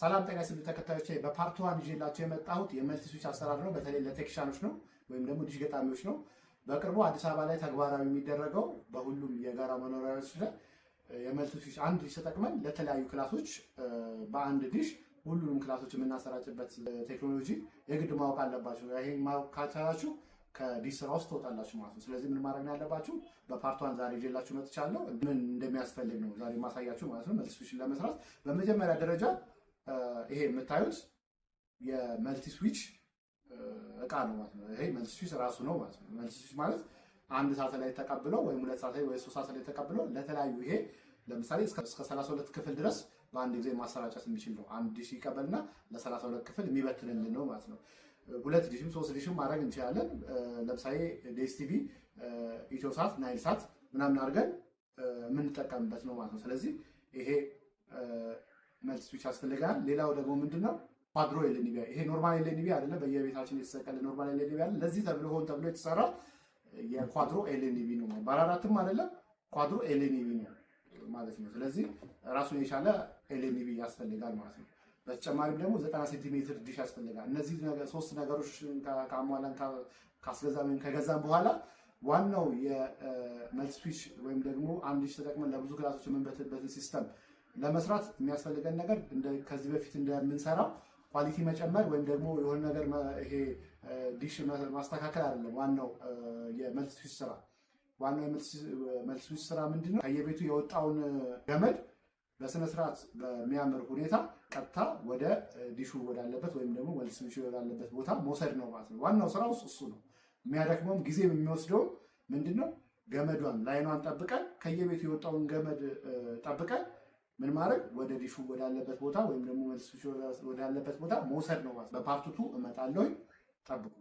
ሰላም ጤና ስል ተከታዮች በፓርት ዋን ይዤላቸው የመጣሁት የመልቲ ስዊች አሰራር ነው። በተለይ ለቴክኒሻኖች ነው ወይም ደግሞ ዲሽ ገጣሚዎች ነው። በቅርቡ አዲስ አበባ ላይ ተግባራዊ የሚደረገው በሁሉም የጋራ መኖሪያዎች ላይ የመልቲ ስዊች አንድ ዲሽ ተጠቅመን ለተለያዩ ክላሶች በአንድ ዲሽ ሁሉንም ክላሶች የምናሰራጭበት ቴክኖሎጂ የግድ ማወቅ አለባቸው። ይሄ ማወቅ ካልቻላችሁ ከዲሽ ስራ ውስጥ ትወጣላችሁ ማለት ነው። ስለዚህ ምን ማድረግ ያለባችሁ በፓርት ዋን ዛሬ ይዤላችሁ መጥቻለሁ። ምን እንደሚያስፈልግ ነው ዛሬ ማሳያችሁ ማለት ነው መልቲ ስዊችን ለመስራት በመጀመሪያ ደረጃ ይሄ የምታዩት የመልቲ ስዊች እቃ ነው ማለት ነው። ይሄ መልቲ ስዊች ራሱ ነው ማለት ነው። መልቲ ስዊች ማለት አንድ ሳተላይት ተቀብሎ ወይም ሁለት ሳተላይት ወይ ሶስት ሳተላይት ተቀብሎ ለተለያዩ ይሄ ለምሳሌ እስከ 32 ክፍል ድረስ በአንድ ጊዜ ማሰራጨት የሚችል ነው። አንድ ዲሽ ይቀበልና ለ32 ክፍል የሚበትንልን ነው ማለት ነው። ሁለት ዲሽም ሶስት ዲሽም ማድረግ እንችላለን። ለምሳሌ ዴስቲቪ፣ ኢትዮሳት፣ ናይልሳት ምናምን አድርገን የምንጠቀምበት ነው ማለት ነው። ስለዚህ ይሄ አይነት ስዊች ያስፈልጋል። ሌላው ደግሞ ምንድነው ኳድሮ ኤልኒቪያ። ይሄ ኖርማል ኤልኒቪያ አይደለም፣ በየቤታችን የተሰቀለ ኖርማል ኤልኒቪያ አለ። ለዚህ ተብሎ ሆን ተብሎ የተሰራ የኳድሮ ኤልኒቪ ነው። ባለ አራትም አይደለም፣ ኳድሮ ኤልኒቪ ነው ማለት ነው። ስለዚህ ራሱን የቻለ ኤልኒቪ ያስፈልጋል ማለት ነው። በተጨማሪም ደግሞ ዘጠና ሴንቲሜትር ዲሽ ያስፈልጋል። እነዚህ ሶስት ነገሮች ከአሟላን ካስገዛ ወይም ከገዛም በኋላ ዋናው የመልቲ ስዊች ወይም ደግሞ አንድ ሽ ተጠቅመን ለብዙ ክላሶች የምንበትበትን ሲስተም ለመስራት የሚያስፈልገን ነገር ከዚህ በፊት እንደምንሰራው ኳሊቲ መጨመር ወይም ደግሞ የሆነ ነገር ይሄ ዲሽ ማስተካከል አይደለም። ዋናው የመልስዊች ስራ ዋናው የመልስዊች ስራ ምንድን ነው? ከየቤቱ የወጣውን ገመድ በስነስርዓት በሚያምር ሁኔታ ቀጥታ ወደ ዲሹ ወዳለበት ወይም ደግሞ መልስዊቹ ወዳለበት ቦታ መውሰድ ነው ማለት ነው። ዋናው ስራ ውስጥ እሱ ነው። የሚያደክመውም ጊዜ የሚወስደውም ምንድን ነው? ገመዷን ላይኗን ጠብቀን ከየቤቱ የወጣውን ገመድ ጠብቀን ምን ማድረግ ወደ ዲሹ ወዳለበት ቦታ ወይም ደግሞ መልስ ወዳለበት ቦታ መውሰድ ነው ማለት በፓርት ቱ ጠብቁ።